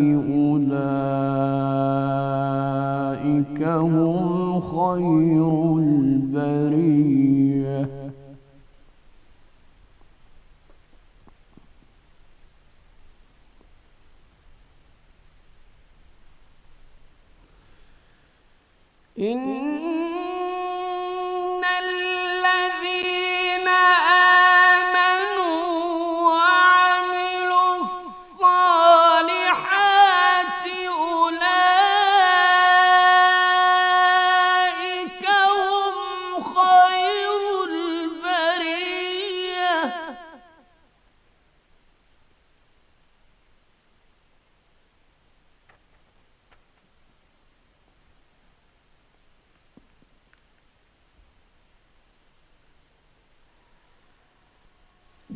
أولئك هم خير البريه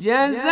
Oui,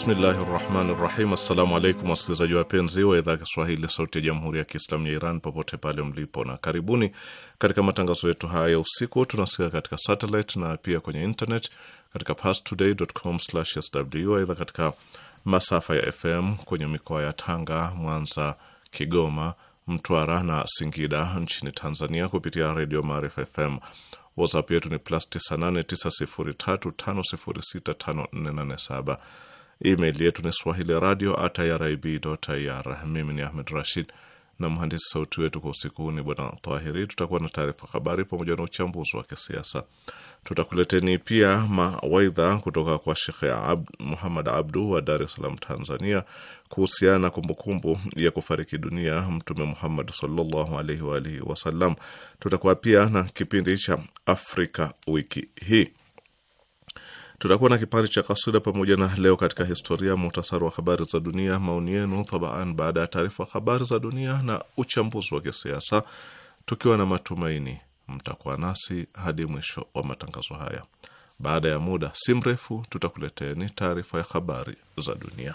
Bismillahi rahmani rahim. Assalamu alaikum wasikilizaji wapenzi wa idhaa Kiswahili sauti ya jamhuri ya Kiislamu ya Iran popote pale mlipo, na karibuni katika matangazo yetu haya ya usiku. tunasikika katika satellite na pia kwenye internet katika pastoday.com/sw. Aidha, katika masafa ya FM kwenye mikoa ya Tanga, Mwanza, Kigoma, Mtwara na Singida nchini Tanzania kupitia redio Maarifa FM. WhatsApp yetu ni plus 989035065487 Email yetu ni swahili radio at irib.ir. Mimi ni Ahmed Rashid na mhandisi sauti wetu kwa usiku huu ni Bwana Tahiri. Tutakuwa na taarifa habari pamoja na uchambuzi wa kisiasa. Tutakuleteni pia mawaidha kutoka kwa Shekhe Ab Muhammad Abdu wa Dar es Salaam, Tanzania, kuhusiana na kumbukumbu ya kufariki dunia Mtume Muhammad sallallahu alaihi wa alihi wasallam. Tutakuwa pia na kipindi cha Afrika wiki hii. Tutakuwa na kipande cha kasida pamoja na leo katika historia, muhtasari wa habari za dunia, maoni yenu tabaan, baada ya taarifa habari za dunia na uchambuzi wa kisiasa, tukiwa na matumaini mtakuwa nasi hadi mwisho wa matangazo haya. Baada ya muda si mrefu, tutakuleteni taarifa ya habari za dunia.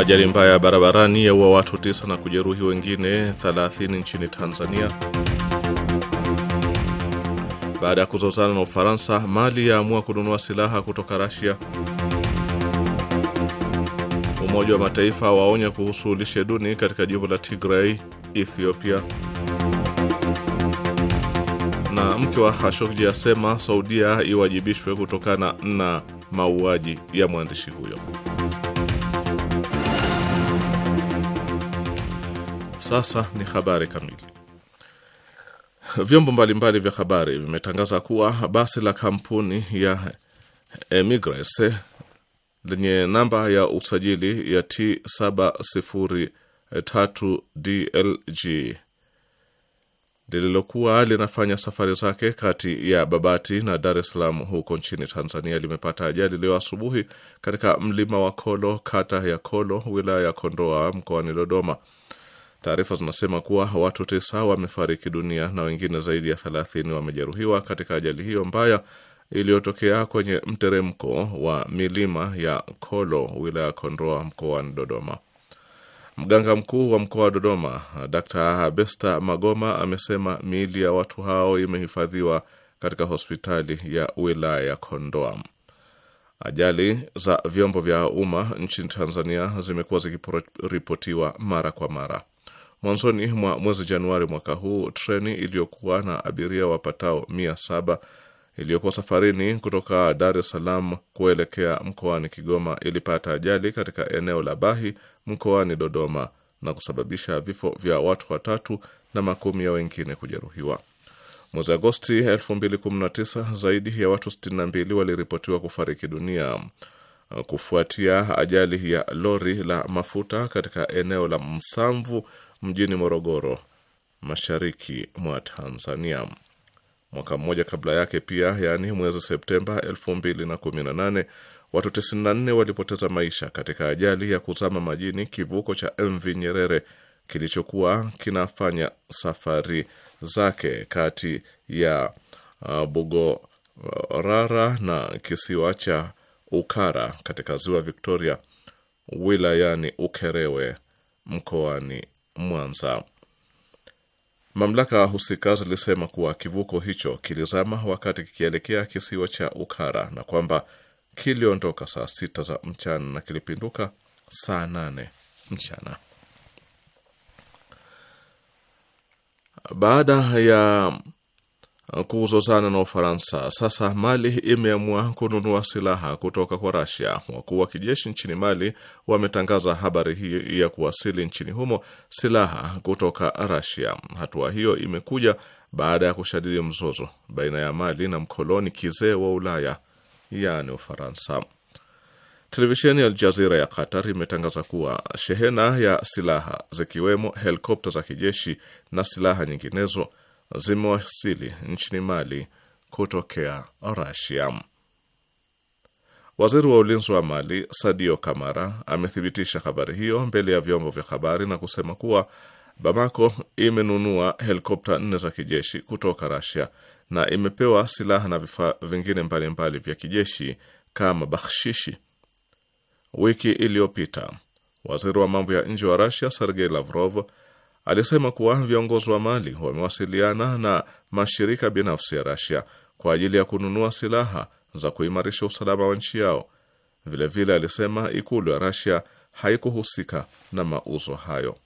Ajali mbaya ya barabarani yaua watu tisa na kujeruhi wengine 30 nchini Tanzania. Baada ya kuzozana na Ufaransa, Mali yaamua kununua silaha kutoka Rasia. Umoja wa Mataifa waonya kuhusu lishe duni katika jimbo la Tigray, Ethiopia. Na mke wa Khashoggi asema Saudia iwajibishwe kutokana na mauaji ya mwandishi huyo. Sasa ni habari kamili. Vyombo mbalimbali vya habari vimetangaza kuwa basi la kampuni ya Emigres lenye namba ya usajili ya T703DLG lililokuwa linafanya safari zake kati ya Babati na Dar es Salaam huko nchini Tanzania limepata ajali leo asubuhi katika mlima wa Kolo, kata ya Kolo, wilaya ya Kondoa, mkoani Dodoma. Taarifa zinasema kuwa watu tisa wamefariki dunia na wengine zaidi ya 30 wamejeruhiwa katika ajali hiyo mbaya iliyotokea kwenye mteremko wa milima ya Kolo wilaya ya Kondoa mkoani Dodoma. Mganga mkuu wa mkoa wa Dodoma Dr. Besta Magoma amesema miili ya watu hao imehifadhiwa katika hospitali ya wilaya ya Kondoa. Ajali za vyombo vya umma nchini Tanzania zimekuwa zikiripotiwa mara kwa mara. Mwanzoni mwa mwezi Januari mwaka huu, treni iliyokuwa na abiria wapatao mia saba iliyokuwa safarini kutoka Dar es Salaam kuelekea mkoani Kigoma ilipata ajali katika eneo la Bahi mkoani Dodoma na kusababisha vifo vya watu watatu na makumi ya wengine kujeruhiwa. Mwezi Agosti 2019 zaidi ya watu 62 waliripotiwa kufariki dunia kufuatia ajali ya lori la mafuta katika eneo la Msamvu mjini Morogoro, mashariki mwa Tanzania. Mwaka mmoja kabla yake pia, yaani mwezi Septemba 2018 watu 94 walipoteza maisha katika ajali ya kuzama majini kivuko cha MV Nyerere kilichokuwa kinafanya safari zake kati ya uh, Bugorara na kisiwa cha Ukara katika ziwa Victoria wilayani Ukerewe mkoani Mwanza. Mamlaka husika zilisema kuwa kivuko hicho kilizama wakati kikielekea kisiwa cha Ukara na kwamba kiliondoka saa sita za mchana na kilipinduka saa nane mchana. Baada ya kuzozana na Ufaransa. Sasa Mali imeamua kununua silaha kutoka kwa Rasia. Wakuu wa kijeshi nchini Mali wametangaza habari hii ya kuwasili nchini humo silaha kutoka Rasia. Hatua hiyo imekuja baada ya kushadidi mzozo baina ya Mali na mkoloni kizee wa Ulaya, yaani Ufaransa. Televisheni ya Aljazira ya Qatar imetangaza kuwa shehena ya silaha zikiwemo helikopta za kijeshi na silaha nyinginezo zimewasili nchini Mali kutokea Rasia. Waziri wa ulinzi wa Mali Sadio Kamara amethibitisha habari hiyo mbele ya vyombo vya habari na kusema kuwa Bamako imenunua helikopta nne za kijeshi kutoka Rasia na imepewa silaha na vifaa vingine mbalimbali mbali vya kijeshi kama bakhshishi. Wiki iliyopita waziri wa mambo ya nje wa Rasia Sergei Lavrov alisema kuwa viongozi wa Mali wamewasiliana na mashirika binafsi ya Rasia kwa ajili ya kununua silaha za kuimarisha usalama wa nchi yao. Vilevile vile alisema ikulu ya Rasia haikuhusika na mauzo hayo.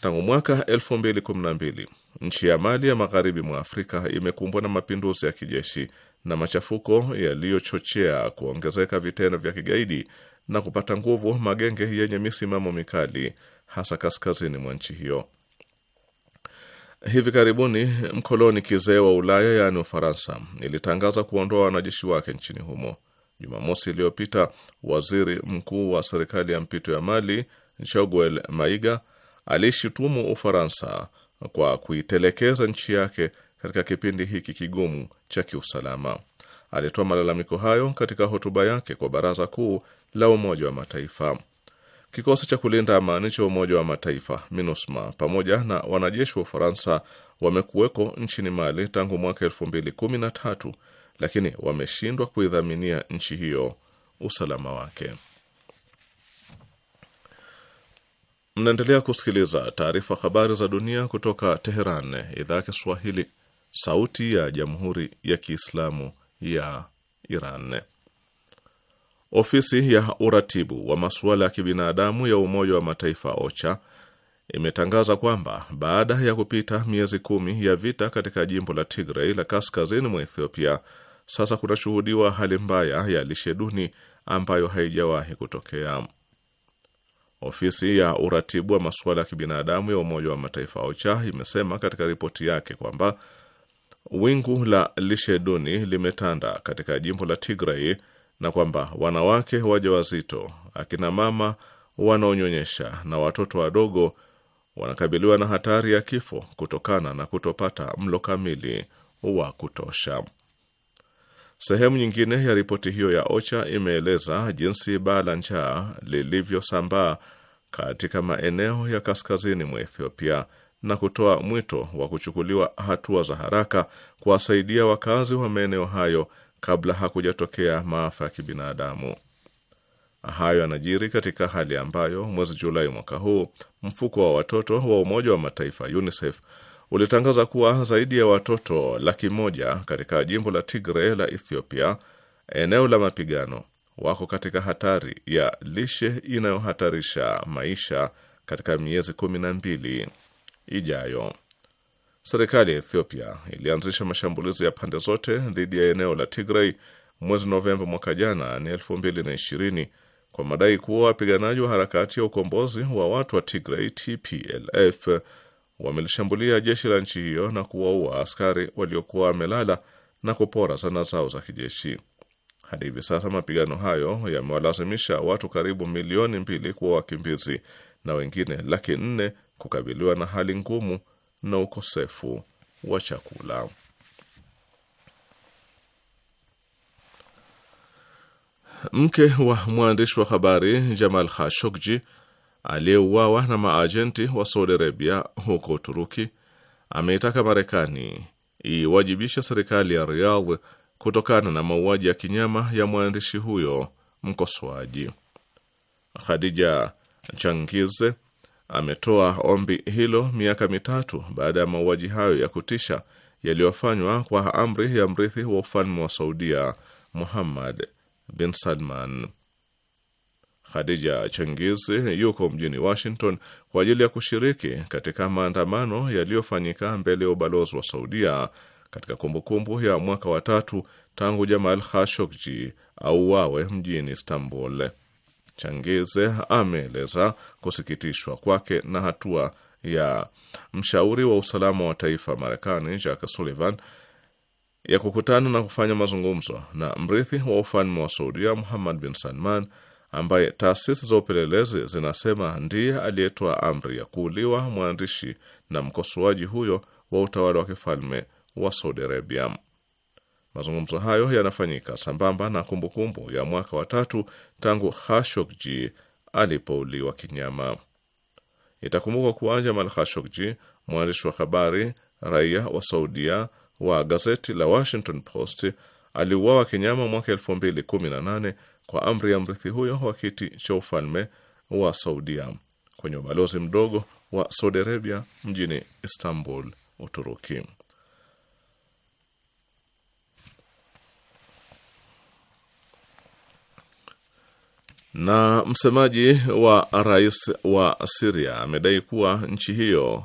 Tangu mwaka 2012 nchi ya Mali ya magharibi mwa Afrika imekumbwa na mapinduzi ya kijeshi na machafuko yaliyochochea kuongezeka vitendo vya kigaidi na kupata nguvu magenge yenye misimamo mikali hasa kaskazini mwa nchi hiyo. Hivi karibuni mkoloni kizee wa Ulaya yaani Ufaransa ilitangaza kuondoa wanajeshi wake nchini humo. Jumamosi iliyopita, waziri mkuu wa serikali ya mpito ya Mali Choguel Maiga alishutumu Ufaransa kwa kuitelekeza nchi yake katika kipindi hiki kigumu cha kiusalama. Alitoa malalamiko hayo katika hotuba yake kwa Baraza Kuu la Umoja wa Mataifa. Kikosi cha kulinda amani cha Umoja wa Mataifa MINUSMA pamoja na wanajeshi wa Ufaransa wamekuweko nchini Mali tangu mwaka elfu mbili kumi na tatu lakini wameshindwa kuidhaminia nchi hiyo usalama wake. Mnaendelea kusikiliza taarifa habari za dunia kutoka Teheran, idhaa ya Kiswahili, sauti ya jamhuri ya kiislamu ya Iran. Ofisi ya uratibu wa masuala ya kibinadamu ya Umoja wa Mataifa OCHA imetangaza kwamba baada ya kupita miezi kumi ya vita katika jimbo la Tigray la kaskazini mwa Ethiopia, sasa kunashuhudiwa hali mbaya ya lishe duni ambayo haijawahi kutokea. Ofisi ya uratibu wa masuala ya kibinadamu ya Umoja wa Mataifa OCHA imesema katika ripoti yake kwamba wingu la lishe duni limetanda katika jimbo la Tigray na kwamba wanawake wajawazito, akina mama wanaonyonyesha na watoto wadogo wanakabiliwa na hatari ya kifo kutokana na kutopata mlo kamili wa kutosha. Sehemu nyingine ya ripoti hiyo ya OCHA imeeleza jinsi baa la njaa lilivyosambaa katika maeneo ya kaskazini mwa Ethiopia na kutoa mwito wa kuchukuliwa hatua za haraka kuwasaidia wakazi wa maeneo hayo kabla hakujatokea maafa ya kibinadamu. Hayo yanajiri katika hali ambayo mwezi Julai mwaka huu mfuko wa watoto wa Umoja wa Mataifa UNICEF ulitangaza kuwa zaidi ya watoto laki moja katika jimbo la Tigre la Ethiopia, eneo la mapigano, wako katika hatari ya lishe inayohatarisha maisha katika miezi kumi na mbili ijayo. Serikali ya Ethiopia ilianzisha mashambulizi ya pande zote dhidi ya eneo la Tigray mwezi Novemba mwaka jana ni 2020 kwa madai kuwa wapiganaji wa harakati ya ukombozi wa watu wa Tigray TPLF wamelishambulia jeshi la nchi hiyo na kuwaua askari waliokuwa wamelala na kupora zana zao za kijeshi. Hadi hivi sasa mapigano hayo yamewalazimisha watu karibu milioni mbili kuwa wakimbizi na wengine laki nne kukabiliwa na hali ngumu na ukosefu wa chakula. Mke wa mwandishi wa habari Jamal Khashoggi aliyeuawa na maajenti wa Saudi Arabia huko Uturuki ameitaka Marekani iwajibishe serikali ya Riyadh kutokana na mauaji ya kinyama ya mwandishi huyo mkosoaji. Khadija Changize ametoa ombi hilo miaka mitatu baada ya mauaji hayo ya kutisha yaliyofanywa kwa amri ya mrithi wa ufalme wa Saudia Muhammad bin Salman. Khadija Chengizi yuko mjini Washington kwa ajili ya kushiriki katika maandamano yaliyofanyika mbele ya ubalozi wa Saudia katika kumbukumbu ya mwaka wa tatu tangu Jamal Khashoggi auawe mjini Istanbul. Changize ameeleza kusikitishwa kwake na hatua ya mshauri wa usalama wa taifa Marekani Jack Sullivan ya kukutana na kufanya mazungumzo na mrithi wa ufalme wa Saudia Muhammad bin Salman ambaye taasisi za upelelezi zinasema ndiye aliyetoa amri ya kuuliwa mwandishi na mkosoaji huyo wa utawala wa kifalme wa Saudi Arabia. Mazungumzo hayo yanafanyika sambamba na kumbukumbu kumbu ya mwaka wa tatu tangu Khashoggi alipouliwa kinyama. Itakumbukwa kuwa Jamal Khashoggi, mwandishi wa habari raia wa Saudia wa gazeti la Washington Post, aliuawa kinyama mwaka 2018 kwa amri ya mrithi huyo wa kiti cha ufalme wa Saudia kwenye ubalozi mdogo wa Saudi Arabia mjini Istanbul, Uturuki. Na msemaji wa rais wa Siria amedai kuwa nchi hiyo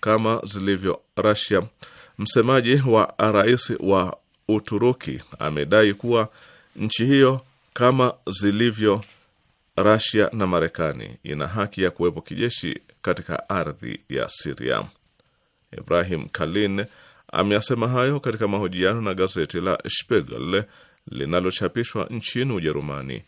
kama zilivyo Rasia. Msemaji wa rais wa Uturuki amedai kuwa nchi hiyo kama zilivyo Rasia na Marekani ina haki ya kuwepo kijeshi katika ardhi ya Siria. Ibrahim Kalin ameyasema hayo katika mahojiano na gazeti la Spiegel linalochapishwa nchini Ujerumani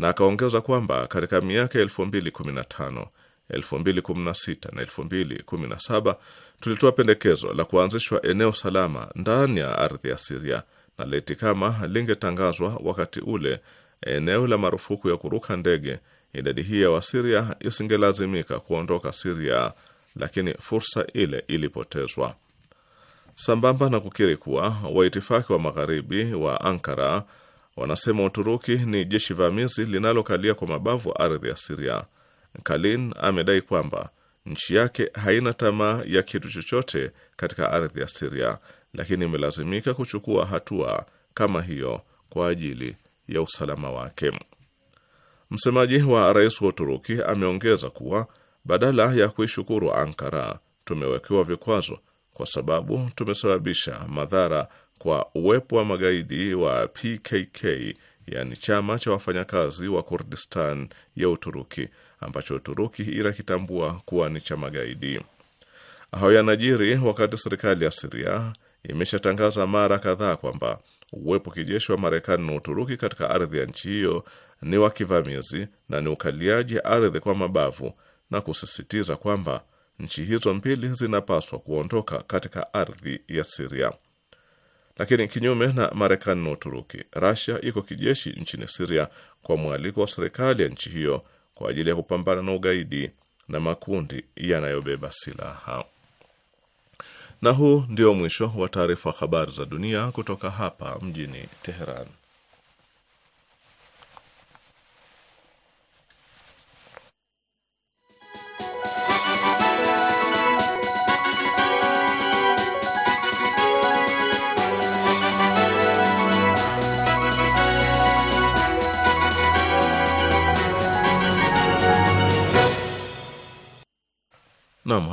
na akaongeza kwamba katika miaka 2015, 2016 na 2017 tulitoa pendekezo la kuanzishwa eneo salama ndani ya ardhi ya Siria, na leti kama lingetangazwa wakati ule eneo la marufuku ya kuruka ndege, idadi hii ya Wasiria isingelazimika kuondoka Siria, lakini fursa ile ilipotezwa, sambamba na kukiri kuwa waitifaki wa magharibi wa Ankara wanasema Uturuki ni jeshi vamizi linalokalia kwa mabavu ardhi ya Siria. Kalin amedai kwamba nchi yake haina tamaa ya kitu chochote katika ardhi ya Siria, lakini imelazimika kuchukua hatua kama hiyo kwa ajili ya usalama wake. Msemaji wa rais wa Uturuki ameongeza kuwa badala ya kuishukuru Ankara, tumewekewa vikwazo kwa sababu tumesababisha madhara kwa uwepo wa magaidi wa PKK, yaani chama cha wafanyakazi wa Kurdistan ya Uturuki ambacho Uturuki inakitambua kuwa ni cha magaidi. Hayo yanajiri wakati serikali ya Siria imeshatangaza mara kadhaa kwamba uwepo kijeshi wa Marekani na Uturuki katika ardhi ya nchi hiyo ni wa kivamizi na ni ukaliaji ardhi kwa mabavu na kusisitiza kwamba nchi hizo mbili zinapaswa kuondoka katika ardhi ya Siria. Lakini kinyume na Marekani na Uturuki, Rasia iko kijeshi nchini Siria kwa mwaliko wa serikali ya nchi hiyo kwa ajili ya kupambana na ugaidi na makundi yanayobeba silaha. Na huu ndio mwisho wa taarifa habari za dunia kutoka hapa mjini Teheran.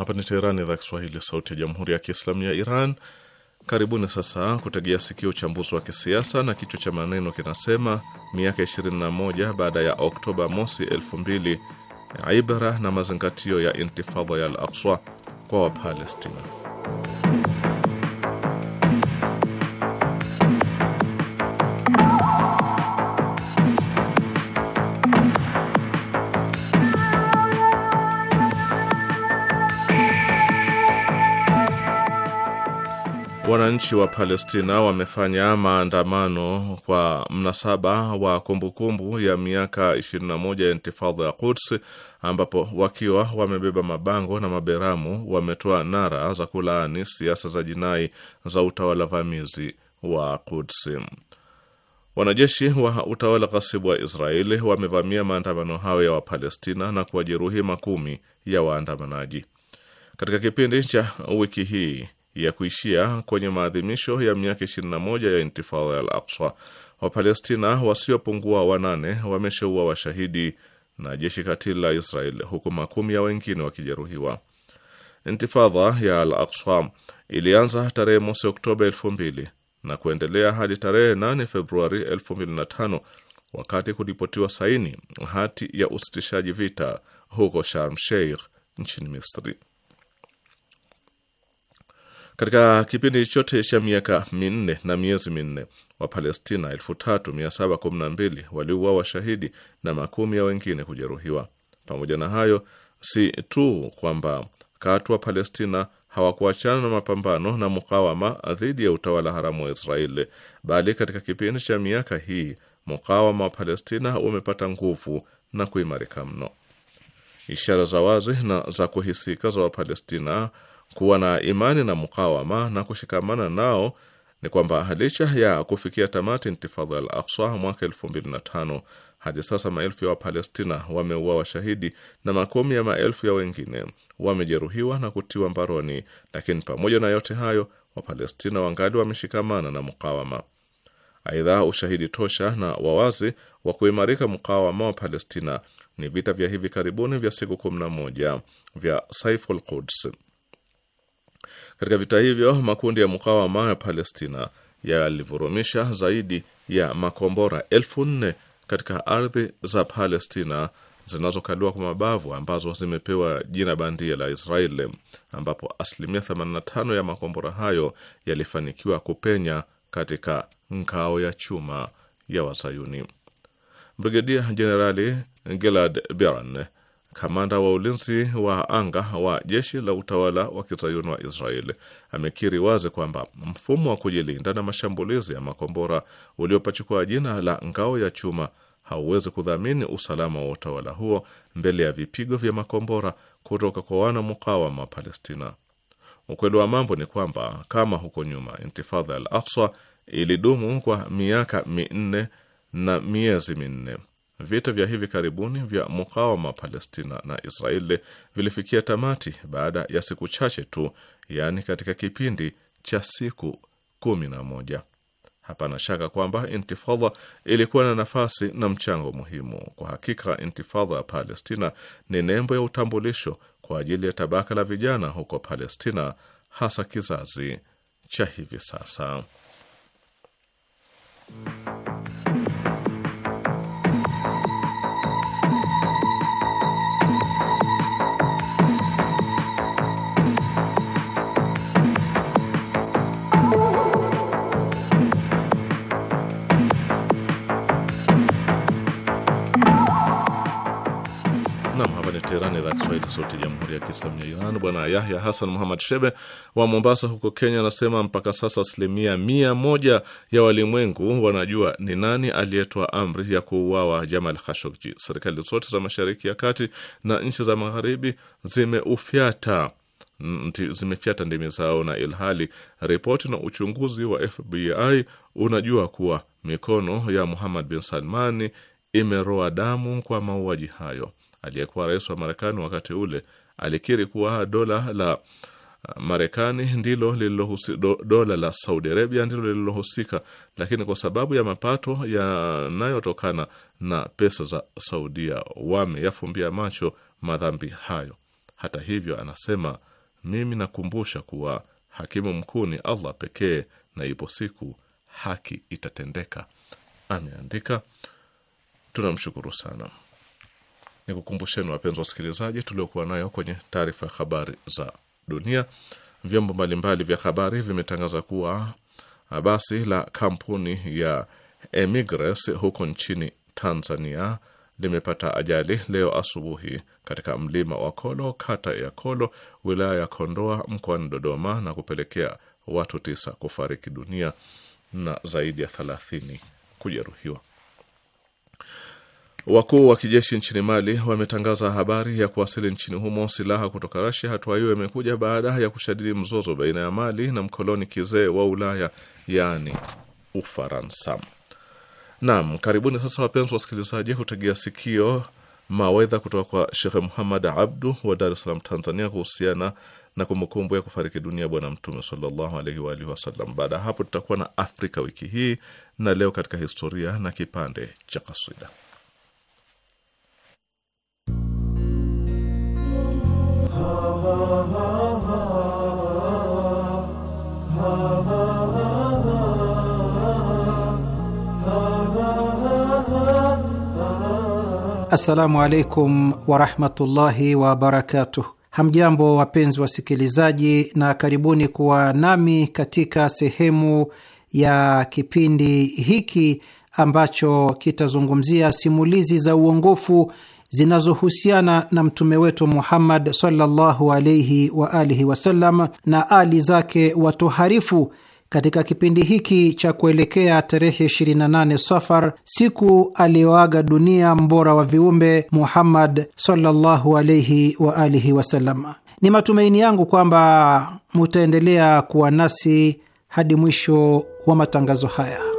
Hapa ni Teherani, idhaa Kiswahili, sauti ya jamhuri ya kiislamu ya Iran. Karibuni sasa kutegea sikio uchambuzi wa kisiasa na kichwa cha maneno kinasema: miaka 21 baada ya Oktoba mosi 2000, ibra na mazingatio ya intifadha ya Al-Aqsa kwa Wapalestina. wananchi wa Palestina wamefanya maandamano kwa mnasaba wa kumbukumbu kumbu ya miaka 21 ya intifadha ya Quds, ambapo wakiwa wamebeba mabango na maberamu wametoa nara za kulaani siasa za jinai za utawala vamizi wa Quds. Wanajeshi wa utawala ghasibu wa Israeli wamevamia maandamano hayo ya Wapalestina na kuwajeruhi makumi ya waandamanaji. Katika kipindi cha wiki hii ya kuishia kwenye maadhimisho ya miaka 21 ya intifadha al Aqsa. Wapalestina wasiopungua wanane wamesheua washahidi na jeshi katili la Israel, huku makumi ya wengine wakijeruhiwa. Intifadha ya al Aqsa ilianza tarehe mosi Oktoba 2000 na kuendelea hadi tarehe 8 Februari 2005 wakati kulipotiwa saini hati ya usitishaji vita huko Sharm Sheikh nchini Misri. Katika kipindi chote cha miaka minne na miezi minne Wapalestina 3712 waliuawa washahidi na makumi ya wengine kujeruhiwa. Pamoja na hayo, si tu kwamba katu wa Palestina hawakuachana na mapambano na mukawama dhidi ya utawala haramu wa Israeli, bali katika kipindi cha miaka hii mukawama wa Palestina umepata nguvu na kuimarika mno. Ishara za wazi na za kuhisika za Wapalestina kuwa na imani na mukawama na kushikamana nao ni kwamba licha ya kufikia tamati intifadha al Aksa mwaka elfu mbili na tano hadi sasa maelfu ya Wapalestina wameua washahidi na makumi ya maelfu ya wengine wamejeruhiwa na kutiwa mbaroni, lakini pamoja na yote hayo Wapalestina wangali wameshikamana na mukawama. Aidha, ushahidi tosha na wawazi wa kuimarika mukawama wa Palestina ni vita vya hivi karibuni vya siku 11 vya Saiful Quds katika vita hivyo makundi ya mukawama ya Palestina yalivurumisha zaidi ya makombora elfu nne katika ardhi za Palestina zinazokaliwa kwa mabavu ambazo zimepewa jina bandia la Israeli, ambapo asilimia 85 ya makombora hayo yalifanikiwa kupenya katika ngao ya chuma ya Wazayuni. Brigedia Jenerali Gilad Biran Kamanda wa ulinzi wa anga wa jeshi la utawala wa kizayuni wa Israeli amekiri wazi kwamba mfumo wa kujilinda na mashambulizi ya makombora uliopachukua jina la ngao ya chuma hauwezi kudhamini usalama wa utawala huo mbele ya vipigo vya makombora kutoka kwa wana mukawama wa Palestina. Ukweli wa mambo ni kwamba kama huko nyuma Intifadha al Aksa ilidumu kwa miaka minne na miezi minne Vita vya hivi karibuni vya mukawama Palestina na Israeli vilifikia tamati baada ya siku chache tu, yaani katika kipindi cha siku kumi na moja. Hapana shaka kwamba intifadha ilikuwa na nafasi na mchango muhimu. Kwa hakika, intifadha ya Palestina ni nembo ya utambulisho kwa ajili ya tabaka la vijana huko Palestina, hasa kizazi cha hivi sasa. Teherani, idhaa Kiswahili, sauti ya jamhuri ya kiislamu ya Iran. Bwana Yahya Hasan Muhamad Shebe wa Mombasa huko Kenya anasema mpaka sasa asilimia mia moja ya walimwengu wanajua ni nani aliyetoa amri ya kuuawa Jamal Khashoggi. Serikali zote za mashariki ya kati na nchi za magharibi zimeufyata zimefyata ndimi zao, na ilhali ripoti na uchunguzi wa FBI unajua kuwa mikono ya Muhammad bin Salmani imeroa damu kwa mauaji hayo aliyekuwa rais wa Marekani wakati ule alikiri kuwa dola la Marekani ndilo lililohusika, dola la Saudi Arabia ndilo lililohusika, lakini kwa sababu ya mapato yanayotokana na pesa za Saudia wameyafumbia macho madhambi hayo. Hata hivyo, anasema mimi nakumbusha kuwa hakimu mkuu ni Allah pekee, na ipo siku haki itatendeka. Ameandika. Tunamshukuru sana ni kukumbusheni wapenzi wasikilizaji, tuliokuwa nayo kwenye taarifa ya habari za dunia. Vyombo mbalimbali vya habari vimetangaza kuwa ah, basi la kampuni ya Emigres huko nchini Tanzania limepata ajali leo asubuhi katika mlima wa Kolo, kata ya Kolo, wilaya ya Kondoa, mkoani Dodoma, na kupelekea watu tisa kufariki dunia na zaidi ya thelathini kujeruhiwa. Wakuu wa kijeshi nchini Mali wametangaza habari ya kuwasili nchini humo silaha kutoka Rasia. Hatua hiyo imekuja baada ya kushadidi mzozo baina ya Mali na mkoloni kizee wa Ulaya, yaani Ufaransa. Naam, karibuni sasa wapenzi wasikilizaji, kutegea sikio mawedha kutoka kwa Shekhe Muhammad Abdu wa Dar es Salaam, Tanzania, kuhusiana na kumbukumbu ya kufariki dunia Bwana Mtume sallallahu alaihi wa alihi wasallam. Baada ya hapo, tutakuwa na Afrika wiki hii na leo katika historia na kipande cha kaswida. Assalamu alaikum warahmatullahi wabarakatuh. Hamjambo wapenzi wasikilizaji, na karibuni kuwa nami katika sehemu ya kipindi hiki ambacho kitazungumzia simulizi za uongofu zinazohusiana na mtume wetu Muhammad sallallahu alaihi wa alihi wasallam na ali zake watoharifu katika kipindi hiki cha kuelekea tarehe 28 Safar, siku aliyoaga dunia mbora wa viumbe Muhammad sallallahu alaihi wa alihi wasallam. Ni matumaini yangu kwamba mutaendelea kuwa nasi hadi mwisho wa matangazo haya.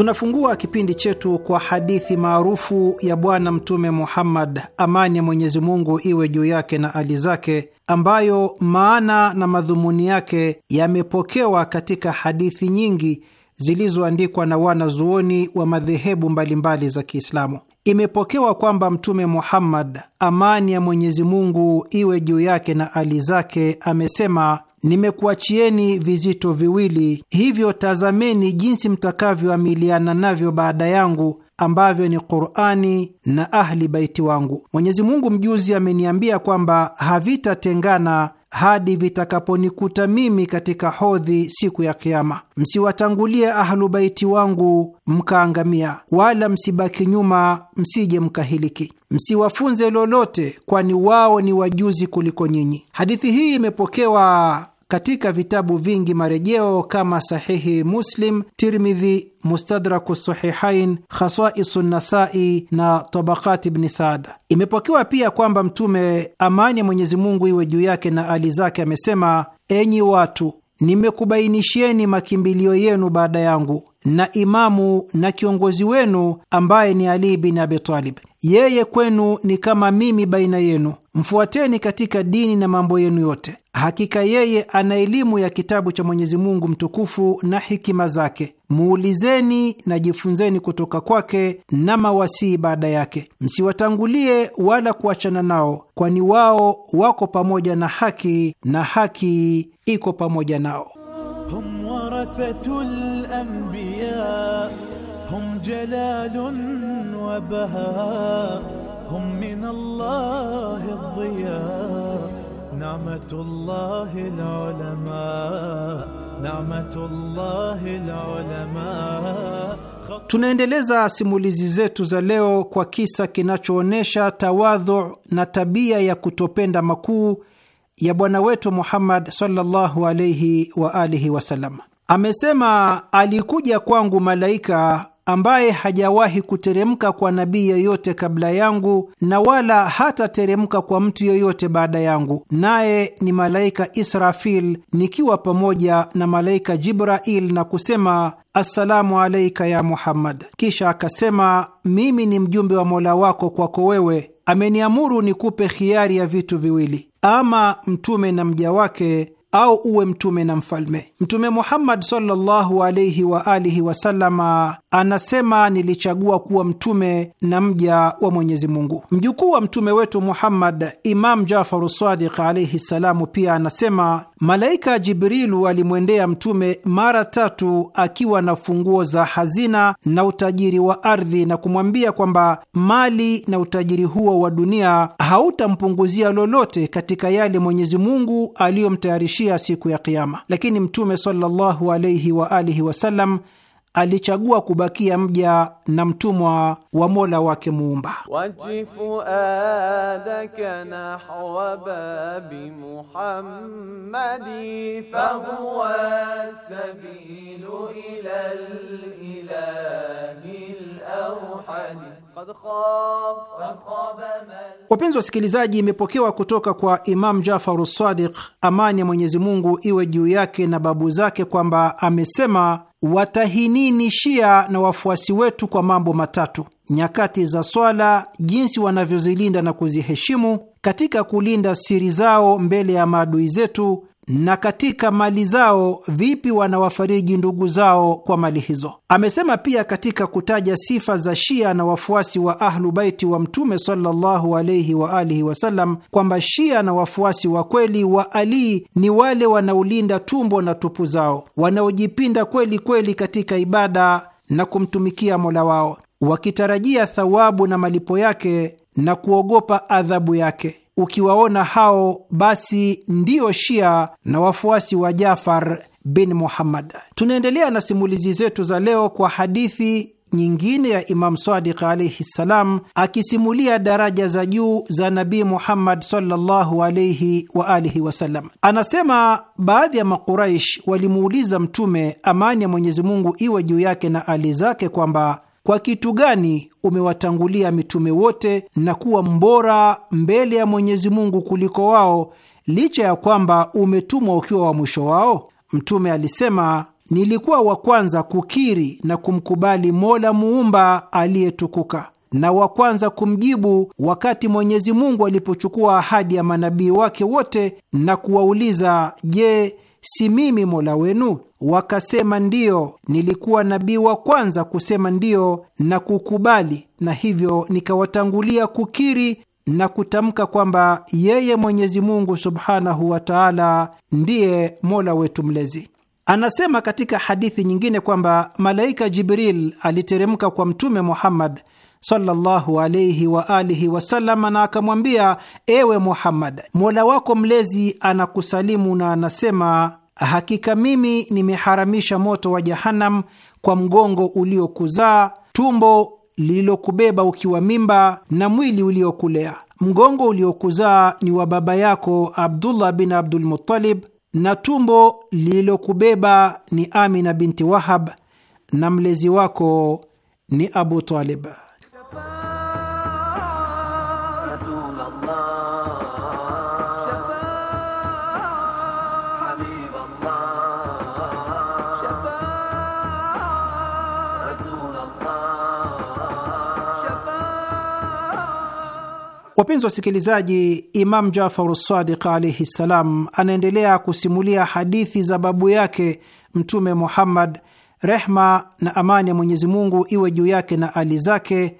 Tunafungua kipindi chetu kwa hadithi maarufu ya Bwana Mtume Muhammad, amani ya Mwenyezi Mungu iwe juu yake na ali zake, ambayo maana na madhumuni yake yamepokewa katika hadithi nyingi zilizoandikwa na wanazuoni wa madhehebu mbalimbali za Kiislamu. Imepokewa kwamba Mtume Muhammad, amani ya Mwenyezi Mungu iwe juu yake na ali zake, amesema nimekuachieni vizito viwili, hivyo tazameni jinsi mtakavyoamiliana navyo baada yangu ambavyo ni Qurani na ahli baiti wangu. Mwenyezi Mungu mjuzi ameniambia kwamba havitatengana hadi vitakaponikuta mimi katika hodhi siku ya Kiama. Msiwatangulie ahlu baiti wangu mkaangamia, wala msibaki nyuma, msije mkahiliki. Msiwafunze lolote, kwani wao ni wajuzi kuliko nyinyi. Hadithi hii imepokewa katika vitabu vingi marejeo kama Sahihi Muslim, Tirmidhi, Mustadraku Sahihain, Khaswaisu Nasai na Tabakati Bni Saad. Imepokewa pia kwamba Mtume, amani ya Mwenyezi Mungu iwe juu yake na ali zake, amesema: enyi watu, nimekubainishieni makimbilio yenu baada yangu, na imamu na kiongozi wenu ambaye ni Ali bin Abi Talib yeye kwenu ni kama mimi baina yenu, mfuateni katika dini na mambo yenu yote. Hakika yeye ana elimu ya kitabu cha Mwenyezi Mungu mtukufu na hikima zake, muulizeni na jifunzeni kutoka kwake na mawasii baada yake, msiwatangulie wala kuachana nao, kwani wao wako pamoja na haki na haki iko pamoja nao. hum warathatul anbiya جلال وبهاء هم من الله الضياء نعمة الله العلماء نعمة الله العلماء Tunaendeleza simulizi zetu za leo kwa kisa kinachoonyesha tawadhu na tabia ya kutopenda makuu ya bwana wetu Muhammad sallallahu alayhi wa alihi wasallam. Amesema, alikuja kwangu malaika ambaye hajawahi kuteremka kwa nabii yoyote kabla yangu na wala hatateremka kwa mtu yoyote baada yangu, naye ni malaika Israfil nikiwa pamoja na malaika Jibrail na kusema, assalamu alaika ya Muhammad. Kisha akasema, mimi ni mjumbe wa mola wako kwako wewe, ameniamuru nikupe khiari ya vitu viwili, ama mtume na mja wake au uwe mtume na mfalme. Mtume Muhammad sallallahu alaihi wa alihi wasallama anasema nilichagua kuwa mtume na mja wa Mwenyezi Mungu. Mjukuu wa mtume wetu Muhammad, Imam Jafaru Sadiq alaihi ssalamu, pia anasema malaika Jibrilu alimwendea mtume mara tatu akiwa na funguo za hazina na utajiri wa ardhi na kumwambia kwamba mali na utajiri huo wa dunia hautampunguzia lolote katika yale Mwenyezi Mungu aliyomtayarishia siku ya Kiama, lakini mtume sallallahu alaihi waalihi wasallam alichagua kubakia mja na mtumwa wa Mola wake Muumba. Wapenzi wa wasikilizaji, imepokewa kutoka kwa Imam Jafaru Sadiq, amani ya Mwenyezi Mungu iwe juu yake na babu zake, kwamba amesema, watahinini Shia na wafuasi wetu kwa mambo matatu: nyakati za swala, jinsi wanavyozilinda na kuziheshimu, katika kulinda siri zao mbele ya maadui zetu na katika mali zao vipi wanawafariji ndugu zao kwa mali hizo. Amesema pia katika kutaja sifa za Shia na wafuasi wa Ahlu Baiti wa Mtume sallallahu alaihi wa alihi wasallam kwamba Shia na wafuasi wa kweli wa Ali ni wale wanaolinda tumbo na tupu zao, wanaojipinda kweli kweli katika ibada na kumtumikia Mola wao wakitarajia thawabu na malipo yake na kuogopa adhabu yake ukiwaona hao basi ndio Shia na wafuasi wa Jafar bin Muhammad. Tunaendelea na simulizi zetu za leo kwa hadithi nyingine ya Imam Sadiq alaihi ssalam, akisimulia daraja za juu za Nabii Muhammad sallallahu alaihi wa alihi wasallam. Anasema baadhi ya Makuraish walimuuliza Mtume, amani ya Mwenyezi Mungu iwe juu yake na ali zake, kwamba kwa kitu gani umewatangulia mitume wote na kuwa mbora mbele ya Mwenyezi Mungu kuliko wao, licha ya kwamba umetumwa ukiwa wa mwisho wao? Mtume alisema, nilikuwa wa kwanza kukiri na kumkubali Mola muumba aliyetukuka na wa kwanza kumjibu wakati Mwenyezi Mungu alipochukua ahadi ya manabii wake wote na kuwauliza, je, si mimi mola wenu? Wakasema ndiyo, nilikuwa nabii wa kwanza kusema ndiyo na kukubali, na hivyo nikawatangulia kukiri na kutamka kwamba yeye Mwenyezi Mungu subhanahu wa taala ndiye mola wetu mlezi. Anasema katika hadithi nyingine kwamba malaika Jibril aliteremka kwa Mtume Muhammad sallallahu alayhi wa alihi wasallam, na akamwambia: ewe Muhammad, mola wako mlezi anakusalimu na anasema, hakika mimi nimeharamisha moto wa Jahanam kwa mgongo uliokuzaa, tumbo lililokubeba ukiwa mimba na mwili uliokulea. Mgongo uliokuzaa ni wa baba yako Abdullah bin Abdul Muttalib, na tumbo lililokubeba ni Amina binti Wahab, na mlezi wako ni Abu Talib. Wapenzi wasikilizaji, Imam Jafar Sadiq alaihi ssalam anaendelea kusimulia hadithi za babu yake Mtume Muhammad, rehma na amani ya Mwenyezi Mungu iwe juu yake na ali zake,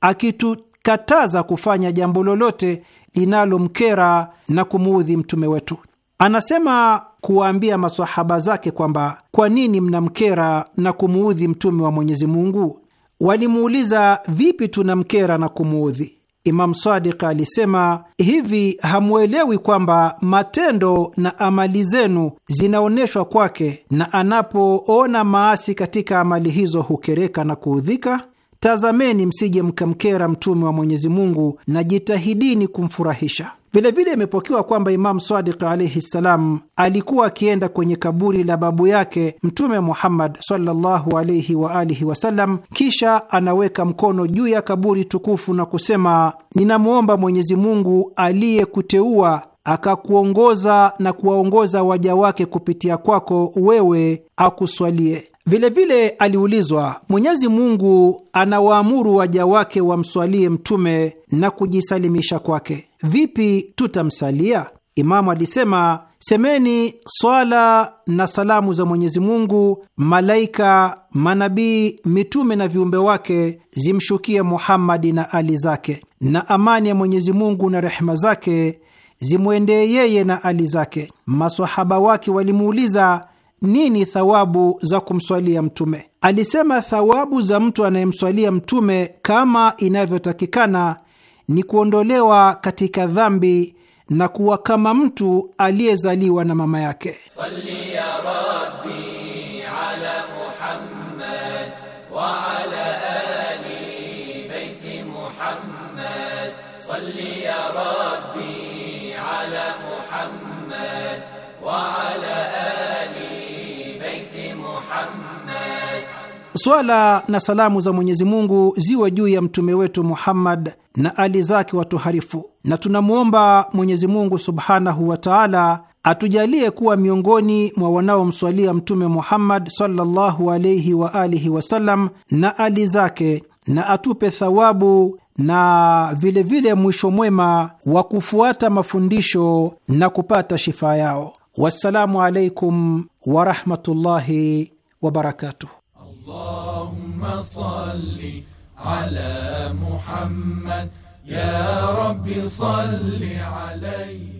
akitukataza kufanya jambo lolote linalomkera na kumuudhi mtume wetu. Anasema kuwaambia masahaba zake kwamba kwa nini mnamkera na kumuudhi mtume wa Mwenyezi Mungu? Walimuuliza, vipi tunamkera na kumuudhi? Imam Sadiq alisema hivi, hamwelewi kwamba matendo na amali zenu zinaonyeshwa kwake, na anapoona maasi katika amali hizo hukereka na kuudhika? Tazameni msije mkamkera mtume wa Mwenyezi Mungu na jitahidini kumfurahisha. Vilevile imepokewa kwamba Imamu Sadiq alaihi ssalam alikuwa akienda kwenye kaburi la babu yake Mtume Muhammad sallallahu alaihi waalihi wasallam, kisha anaweka mkono juu ya kaburi tukufu na kusema, ninamwomba Mwenyezi Mungu aliyekuteua akakuongoza na kuwaongoza waja wake kupitia kwako wewe akuswalie Vilevile aliulizwa, Mwenyezi Mungu anawaamuru waja wake wamswalie mtume na kujisalimisha kwake, vipi tutamsalia? Imamu alisema, semeni swala na salamu za Mwenyezi Mungu, malaika, manabii, mitume na viumbe wake zimshukie Muhammadi na ali zake, na amani ya Mwenyezi Mungu na rehema zake zimwendee yeye na ali zake. Masahaba wake walimuuliza nini thawabu za kumswalia Mtume? Alisema thawabu za mtu anayemswalia Mtume kama inavyotakikana ni kuondolewa katika dhambi na kuwa kama mtu aliyezaliwa na mama yake Salia. Swala na salamu za Mwenyezi Mungu ziwe juu ya mtume wetu Muhammad na ali zake watuharifu na tunamwomba Mwenyezi Mungu subhanahu wa taala atujalie kuwa miongoni mwa wanaomswalia mtume Muhammad sallallahu alaihi wa alihi wasallam na ali zake, na atupe thawabu na vilevile vile mwisho mwema wa kufuata mafundisho na kupata shifaa yao. Wassalamu alaikum warahmatullahi wabarakatuh. اللهم صل على محمد يا رب صل عليه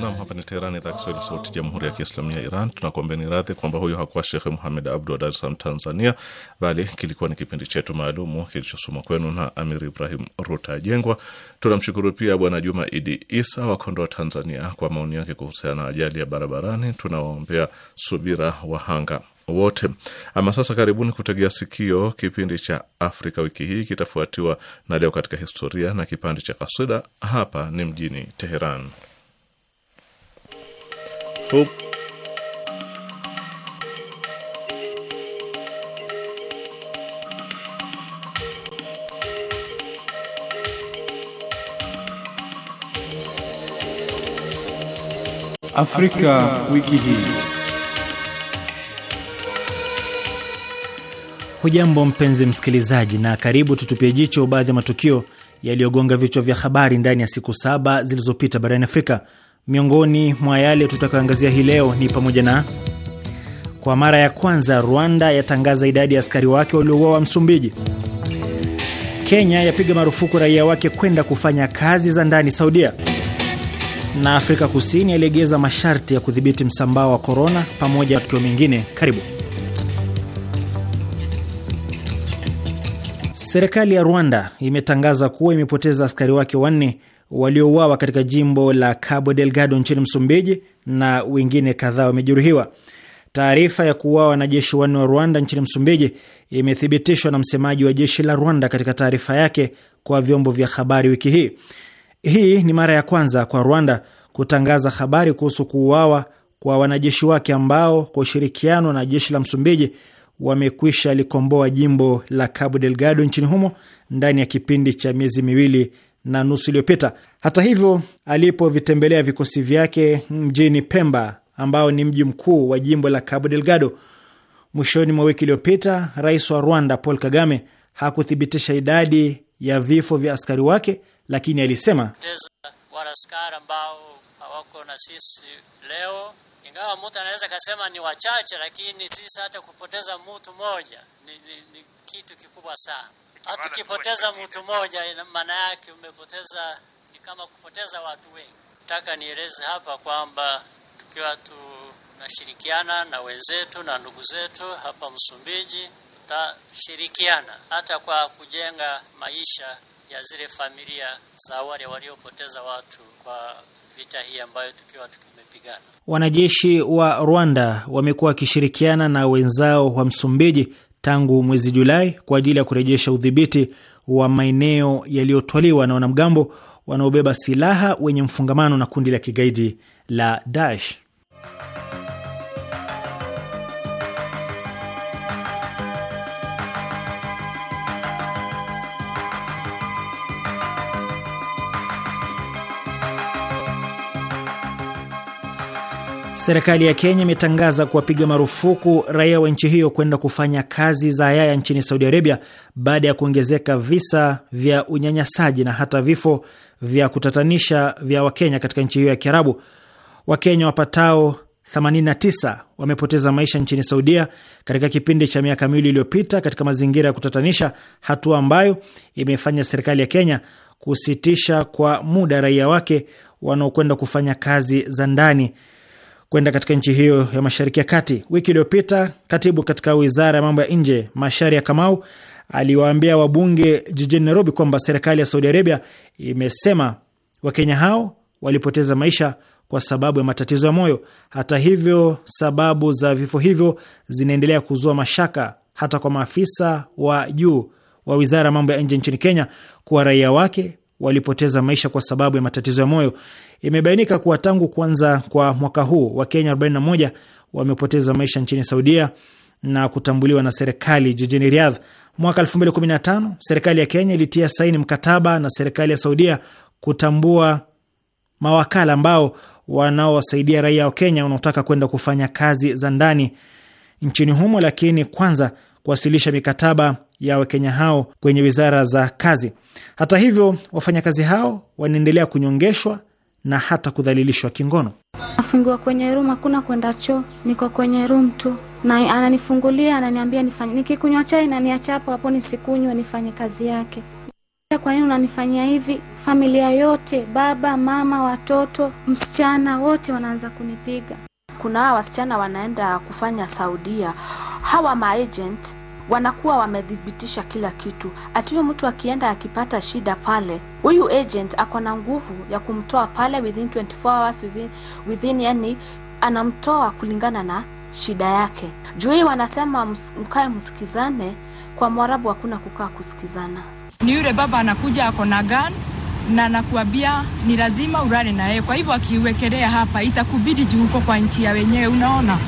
Nam, hapa ni Teherani, idhaa Kiswahili sauti Jamhuri ya Kiislamu ya Iran. ni radhi kwamba huyo hakuwa Shekhe Muhamed Abdu wa Dar es Salaam, Tanzania, bali kilikuwa ni kipindi chetu maalumu kilichosoma kwenu na Amir Ibrahim Jengwa. Tunamshukuru pia Bwana Juma Idi Isa wa Kondoa, Tanzania, kwa maoni yake kuhusiana na ajali ya barabarani. Tunawaombea subira wahanga wote. Ama sasa, karibuni kutegea sikio kipindi cha Afrika wiki hii, kitafuatiwa na leo katika historia na kipande cha kasida. Hapa ni mjini Teheran. Hup. Afrika, Afrika wiki hii. Hujambo mpenzi msikilizaji, na karibu tutupie jicho baadhi ya matukio yaliyogonga vichwa vya habari ndani ya siku saba zilizopita barani Afrika. Miongoni mwa yale tutakayoangazia hii leo ni pamoja na kwa mara ya kwanza Rwanda yatangaza idadi ya askari wake waliouawa Msumbiji, Kenya yapiga marufuku raia wake kwenda kufanya kazi za ndani Saudia, na Afrika Kusini yalegeza masharti ya kudhibiti msambao wa korona, pamoja na matukio mengine. Karibu. Serikali ya Rwanda imetangaza kuwa imepoteza askari wake wanne waliouawa katika jimbo la Cabo Delgado nchini Msumbiji na wengine kadhaa wamejeruhiwa. Taarifa ya kuuawa wanajeshi wanne wa Rwanda nchini Msumbiji imethibitishwa na msemaji wa jeshi la Rwanda katika taarifa yake kwa vyombo vya habari wiki hii. Hii ni mara ya kwanza kwa Rwanda kutangaza habari kuhusu kuuawa kwa wanajeshi wake ambao kwa ushirikiano na jeshi la Msumbiji wamekwisha likomboa jimbo la Cabo Delgado nchini humo ndani ya kipindi cha miezi miwili na nusu iliyopita. Hata hivyo, alipovitembelea vikosi vyake mjini Pemba, ambao ni mji mkuu wa jimbo la Cabo Delgado mwishoni mwa wiki iliyopita, rais wa Rwanda Paul Kagame hakuthibitisha idadi ya vifo vya askari wake, lakini alisema ambao hawako na sisi leo ingawa mtu anaweza kasema ni wachache, lakini tisa, hata kupoteza mtu mmoja ni, ni, ni kitu kikubwa sana. Hata ukipoteza mtu mmoja, maana yake umepoteza, ni kama kupoteza watu wengi. Nataka nieleze hapa kwamba tukiwa tunashirikiana na wenzetu na ndugu zetu hapa Msumbiji, tutashirikiana hata kwa kujenga maisha ya zile familia za wale waliopoteza watu kwa vita hii ambayo tukiwa tumepigana. Wanajeshi wa Rwanda wamekuwa wakishirikiana na wenzao wa Msumbiji tangu mwezi Julai kwa ajili ya kurejesha udhibiti wa maeneo yaliyotwaliwa na wanamgambo wanaobeba silaha wenye mfungamano na kundi la kigaidi la Daesh. Serikali ya Kenya imetangaza kuwapiga marufuku raia wa nchi hiyo kwenda kufanya kazi za yaya nchini Saudi Arabia baada ya kuongezeka visa vya unyanyasaji na hata vifo vya kutatanisha vya Wakenya katika nchi hiyo ya Kiarabu. Wakenya wapatao 89 wamepoteza maisha nchini Saudia katika kipindi cha miaka miwili iliyopita katika mazingira ya kutatanisha, hatua ambayo imefanya serikali ya Kenya kusitisha kwa muda raia wake wanaokwenda kufanya kazi za ndani kwenda katika nchi hiyo ya Mashariki ya Kati. Wiki iliyopita, katibu katika wizara ya mambo ya nje Masharia Kamau aliwaambia wabunge jijini Nairobi kwamba serikali ya Saudi Arabia imesema Wakenya hao walipoteza maisha kwa sababu ya matatizo ya moyo. Hata hivyo, sababu za vifo hivyo zinaendelea kuzua mashaka hata kwa maafisa wa juu wa wizara ya mambo ya nje nchini Kenya kuwa raia wake walipoteza maisha kwa sababu ya matatizo ya moyo. Imebainika kuwa tangu kuanza kwa mwaka huu Wakenya 41 wamepoteza maisha nchini Saudia na kutambuliwa na serikali jijini Riyadh. Mwaka 2015 serikali ya Kenya ilitia saini mkataba na serikali ya Saudia kutambua mawakala ambao wanaowasaidia raia wa Kenya wanaotaka kwenda kufanya kazi za ndani nchini humo, lakini kwanza kuwasilisha mikataba ya Wakenya hao kwenye wizara za kazi. Hata hivyo, wafanyakazi hao wanaendelea kunyongeshwa na hata kudhalilishwa kingono. Nafungiwa kwenye rum hakuna kwenda choo, niko kwenye rum tu, na ananifungulia ananiambia nifanye, nikikunywa chai naniacha hapo hapo, nisikunywe nifanye kazi yake. Kwa nini unanifanyia hivi? Familia yote, baba, mama, watoto, msichana, wote wanaanza kunipiga. Kuna hawa wasichana wanaenda kufanya Saudia, hawa maagent wanakuwa wamethibitisha kila kitu. Atiyo mtu akienda akipata shida pale, huyu agent ako na nguvu ya kumtoa pale within 24 hours, within, within yani anamtoa kulingana na shida yake. Juu hii wanasema mkae msikizane, kwa Mwarabu hakuna kukaa kusikizana. Ni yule baba anakuja ako na gun na nakuambia ni lazima urane na yeye, kwa hivyo akiwekelea hapa itakubidi juu kwa nchi ya wenyewe, unaona.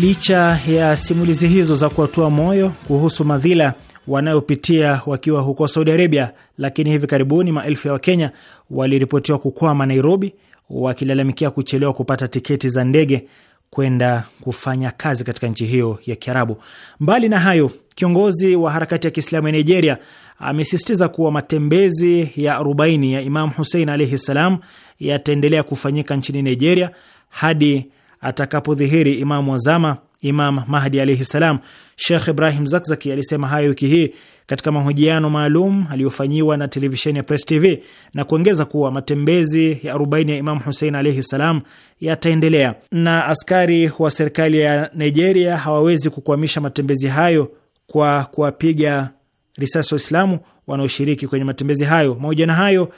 Licha ya simulizi hizo za kuwatua moyo kuhusu madhila wanayopitia wakiwa huko Saudi Arabia, lakini hivi karibuni maelfu ya Wakenya waliripotiwa kukwama Nairobi wakilalamikia kuchelewa kupata tiketi za ndege kwenda kufanya kazi katika nchi hiyo ya Kiarabu. Mbali na hayo, kiongozi wa harakati ya Kiislamu ya Nigeria amesisitiza kuwa matembezi ya 40 ya Imam husein alaihi ssalam yataendelea kufanyika nchini Nigeria hadi atakapodhihiri imamu wazama Imam Mahdi alaihi salam. Shekh Ibrahim Zakzaki alisema hayo wiki hii katika mahojiano maalum aliyofanyiwa na televisheni ya Press TV na kuongeza kuwa matembezi ya arobaini ya Imam Husein alaihi salam yataendelea na askari wa serikali ya Nigeria hawawezi kukwamisha matembezi hayo kwa kuwapiga risasi Waislamu wanaoshiriki kwenye matembezi hayo. Mahojiano hayo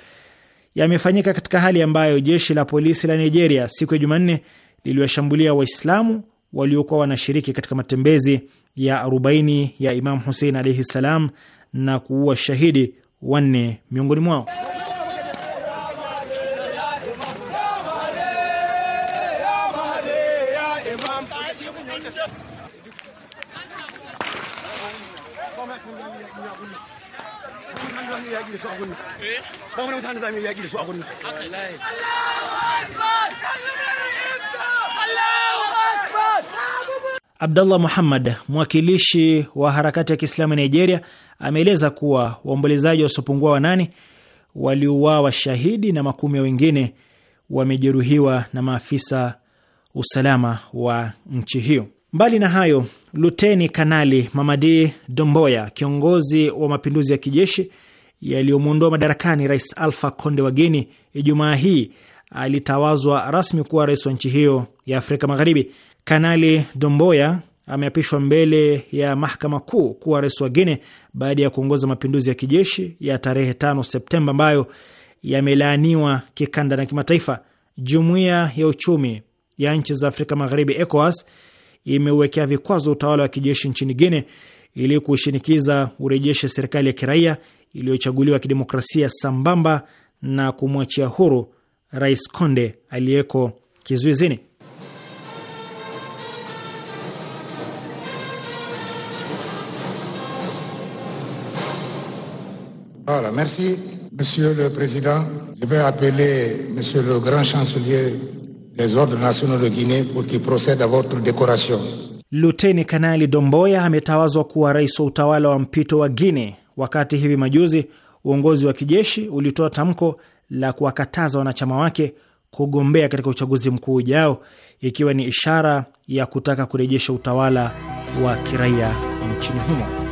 yamefanyika katika hali ambayo jeshi la polisi la Nigeria siku ya Jumanne liliwashambulia Waislamu waliokuwa wanashiriki katika matembezi ya arobaini ya Imamu Husein alaihi ssalam na kuua shahidi wanne miongoni mwao. Eh? Abdallah Muhammad, mwakilishi wa harakati ya Kiislamu Nigeria, ameeleza kuwa waombolezaji wasiopungua wanane waliuawa shahidi na makumi wengine wamejeruhiwa na maafisa usalama wa nchi hiyo. Mbali na hayo, Luteni Kanali Mamadi Domboya, kiongozi wa mapinduzi ya kijeshi yaliyomwondoa madarakani Rais alfa Konde wa Guini, Ijumaa hii alitawazwa rasmi kuwa rais wa nchi hiyo ya Afrika Magharibi. Kanali Domboya ameapishwa mbele ya mahakama kuu kuwa rais wa Guine baada ya kuongoza mapinduzi ya kijeshi ya tarehe 5 Septemba ambayo yamelaaniwa kikanda na kimataifa. Jumuiya ya uchumi ya nchi za Afrika Magharibi, ECOWAS, imeuwekea vikwazo utawala wa kijeshi nchini Guine ili kushinikiza urejeshe serikali ya kiraia iliyochaguliwa kidemokrasia sambamba na kumwachia huru Rais Konde aliyeko kizuizini. Voilà, merci. Monsieur le Président, je vais appeler Monsieur le Grand Chancelier des Ordres Nationaux de Guinée pour qu'il procède à votre décoration. Luteni Kanali Domboya ametawazwa kuwa rais wa utawala wa mpito wa Guinea, wakati hivi majuzi uongozi wa kijeshi ulitoa tamko la kuwakataza wanachama wake kugombea katika uchaguzi mkuu ujao, ikiwa ni ishara ya kutaka kurejesha utawala wa kiraia nchini humo.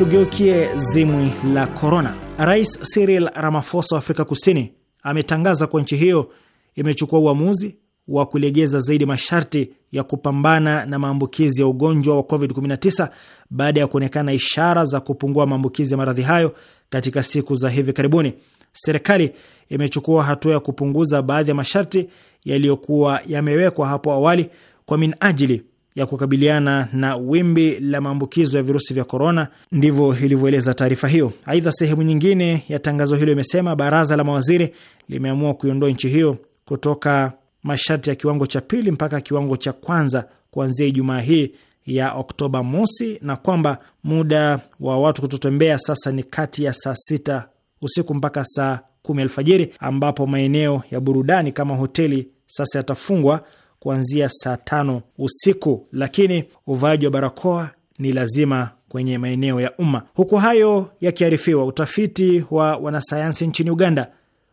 Tugeukie zimwi la korona. Rais Cyril Ramaphosa wa Afrika Kusini ametangaza kuwa nchi hiyo imechukua uamuzi wa kulegeza zaidi masharti ya kupambana na maambukizi ya ugonjwa wa COVID-19 baada ya kuonekana ishara za kupungua maambukizi ya maradhi hayo katika siku za hivi karibuni. Serikali imechukua hatua ya kupunguza baadhi ya masharti yaliyokuwa yamewekwa hapo awali kwa minajili ya kukabiliana na wimbi la maambukizo ya virusi vya korona, ndivyo ilivyoeleza taarifa hiyo. Aidha, sehemu nyingine ya tangazo hilo imesema baraza la mawaziri limeamua kuiondoa nchi hiyo kutoka masharti ya kiwango cha pili mpaka kiwango cha kwanza kuanzia Ijumaa hii ya Oktoba mosi, na kwamba muda wa watu kutotembea sasa ni kati ya saa sita usiku mpaka saa kumi alfajiri, ambapo maeneo ya burudani kama hoteli sasa yatafungwa kuanzia saa tano usiku, lakini uvaaji wa barakoa ni lazima kwenye maeneo ya umma. Huku hayo yakiarifiwa, utafiti wa wanasayansi nchini Uganda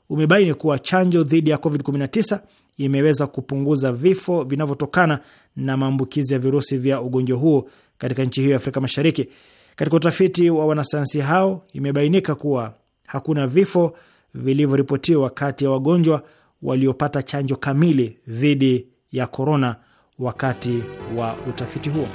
umebaini kuwa chanjo dhidi ya COVID-19 imeweza kupunguza vifo vinavyotokana na maambukizi ya virusi vya ugonjwa huo katika nchi hiyo ya Afrika Mashariki. Katika utafiti wa wanasayansi hao, imebainika kuwa hakuna vifo vilivyoripotiwa kati ya wagonjwa waliopata chanjo kamili dhidi ya korona wakati wa utafiti huo.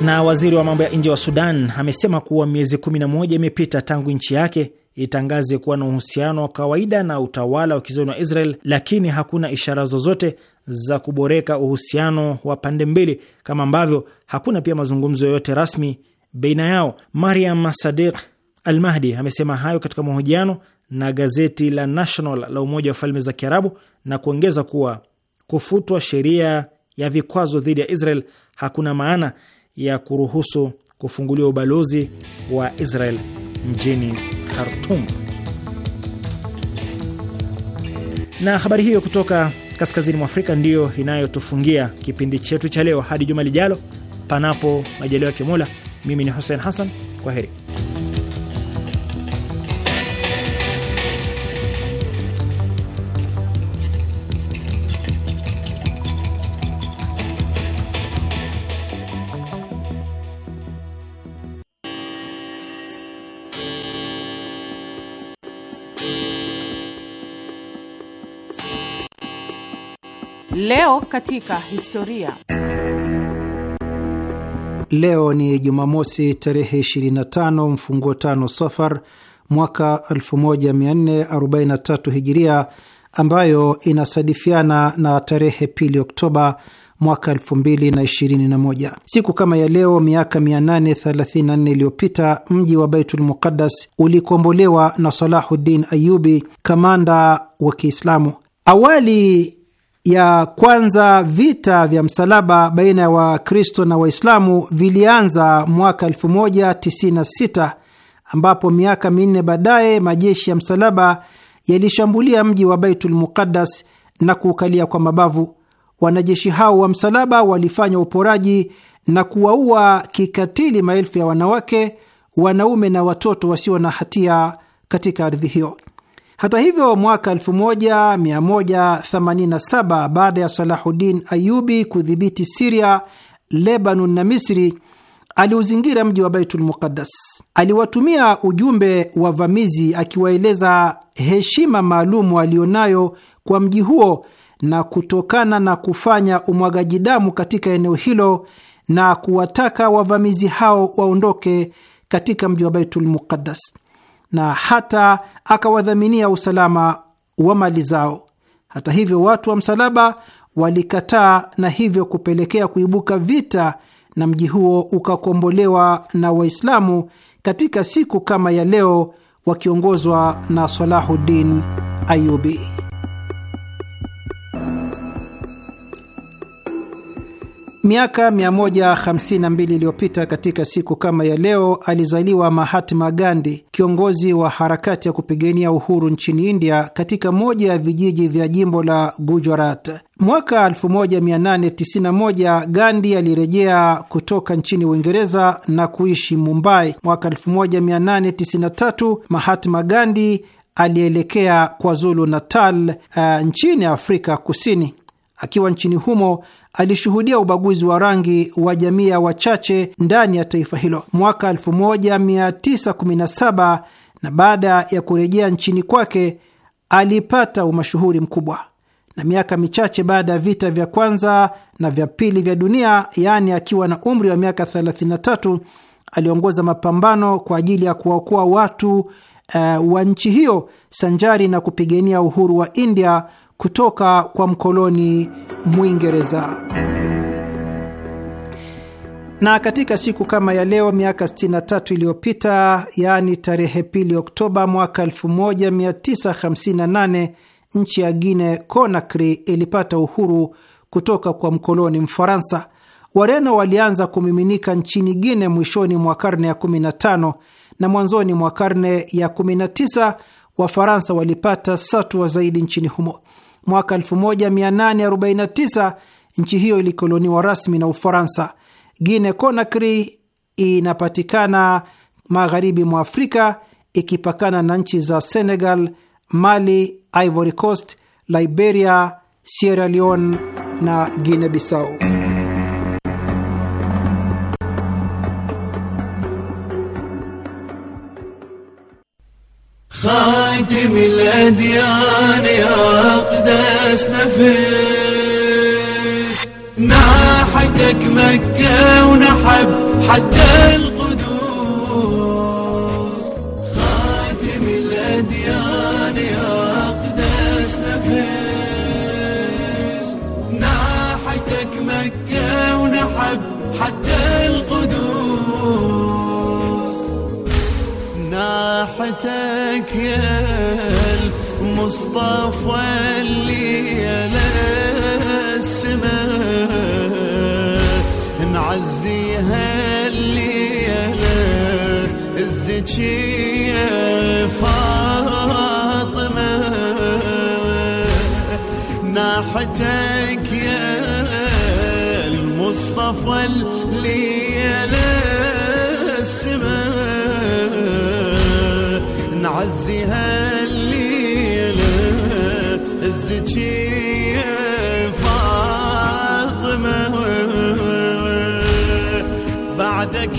Na waziri wa mambo ya nje wa Sudan amesema kuwa miezi 11 imepita tangu nchi yake itangaze kuwa na uhusiano wa kawaida na utawala wa kizoni wa Israel, lakini hakuna ishara zozote za kuboreka uhusiano wa pande mbili, kama ambavyo hakuna pia mazungumzo yoyote rasmi baina yao. Mariam Sadiq Al-Mahdi amesema hayo katika mahojiano na gazeti la National la Umoja wa Falme za Kiarabu na kuongeza kuwa kufutwa sheria ya vikwazo dhidi ya Israel hakuna maana ya kuruhusu kufunguliwa ubalozi wa Israel mjini khartum Na habari hiyo kutoka kaskazini mwa Afrika ndiyo inayotufungia kipindi chetu cha leo. Hadi juma lijalo, panapo majaliwa ya Kimola. Mimi ni Hussein Hassan, kwa heri. Leo katika historia. Leo ni Jumamosi tarehe 25 mfunguo tano Safar mwaka 1443 Hijiria, ambayo inasadifiana na tarehe pili Oktoba mwaka 2021. Siku kama ya leo miaka 834 iliyopita mji wa Baitul Muqaddas ulikombolewa na Salahuddin Ayubi, kamanda wa Kiislamu. Awali ya kwanza vita vya msalaba baina ya wa Wakristo na Waislamu vilianza mwaka 1096 ambapo miaka minne baadaye majeshi ya msalaba yalishambulia mji wa Baitul Muqaddas na kuukalia kwa mabavu. Wanajeshi hao wa msalaba walifanya uporaji na kuwaua kikatili maelfu ya wanawake, wanaume na watoto wasio na hatia katika ardhi hiyo. Hata hivyo, mwaka 1187 baada ya Salahuddin Ayubi kudhibiti Siria, Lebanon na Misri, aliuzingira mji wa Baitul Muqaddas. Aliwatumia ujumbe wavamizi akiwaeleza heshima maalumu aliyonayo kwa mji huo na kutokana na kufanya umwagaji damu katika eneo hilo na kuwataka wavamizi hao waondoke katika mji wa Baitul Muqaddas na hata akawadhaminia usalama wa mali zao. Hata hivyo, watu wa msalaba walikataa na hivyo kupelekea kuibuka vita, na mji huo ukakombolewa na Waislamu katika siku kama ya leo wakiongozwa na Salahuddin Ayubi. Miaka 152 iliyopita katika siku kama ya leo alizaliwa Mahatma Gandhi, kiongozi wa harakati ya kupigania uhuru nchini India, katika moja ya vijiji vya jimbo la Gujarat. Mwaka 1891 Gandhi alirejea kutoka nchini Uingereza na kuishi Mumbai. Mwaka 1893 Mahatma Gandhi alielekea KwaZulu Natal, uh, eh, nchini Afrika Kusini. Akiwa nchini humo alishuhudia ubaguzi wa rangi wa jamii ya wachache ndani ya taifa hilo. Mwaka 1917 na baada ya kurejea nchini kwake alipata umashuhuri mkubwa, na miaka michache baada ya vita vya kwanza na vya pili vya dunia, yaani akiwa na umri wa miaka 33 aliongoza mapambano kwa ajili ya kuwaokoa watu uh, wa nchi hiyo sanjari na kupigania uhuru wa India kutoka kwa mkoloni Mwingereza. Na katika siku kama ya leo miaka 63 iliyopita, yaani tarehe pili Oktoba mwaka 1958 nchi ya guine Conakry ilipata uhuru kutoka kwa mkoloni Mfaransa. Wareno walianza kumiminika nchini guine mwishoni mwa karne ya 15 na mwanzoni mwa karne ya 19 Wafaransa walipata satwa zaidi nchini humo. Mwaka 1849 nchi hiyo ilikoloniwa rasmi na Ufaransa. Guinea Conakry inapatikana magharibi mwa Afrika ikipakana na nchi za Senegal, Mali, Ivory Coast, Liberia, Sierra Leone na Guinea Bissau. خاتم الأديان يا أقدس نفس ناحتك مكة ونحب حتى القلب واللي والليلة السماء نعزيها اللي الليلة الزكية فاطمة ناحتك يا المصطفى اللي الليلة السماء نعزيها تبكي فاطمة بعدك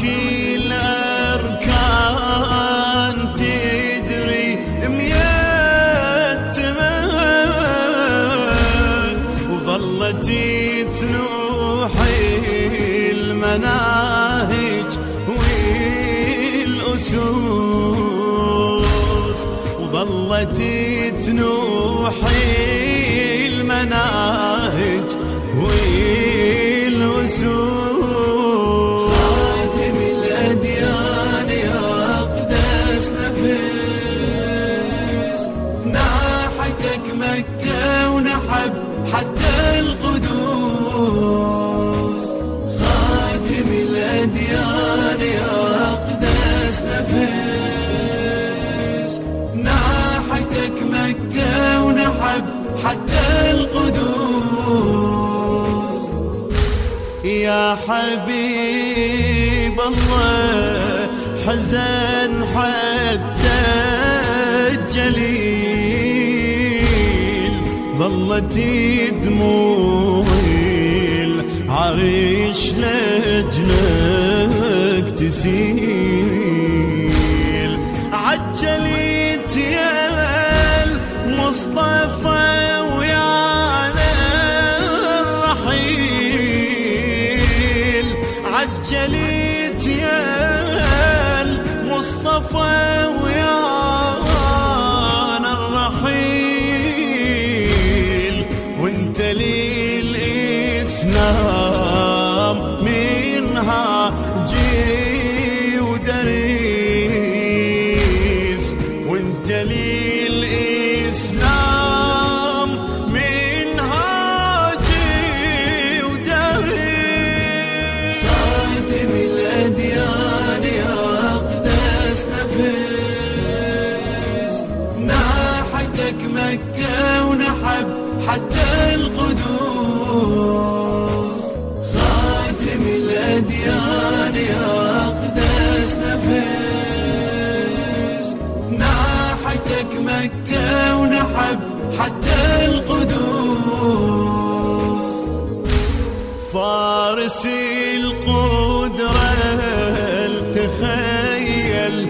يا حبيب الله حزن حتى الجليل ظلت دموعي العريش لجلك تسيل عرسي القدرة تخيل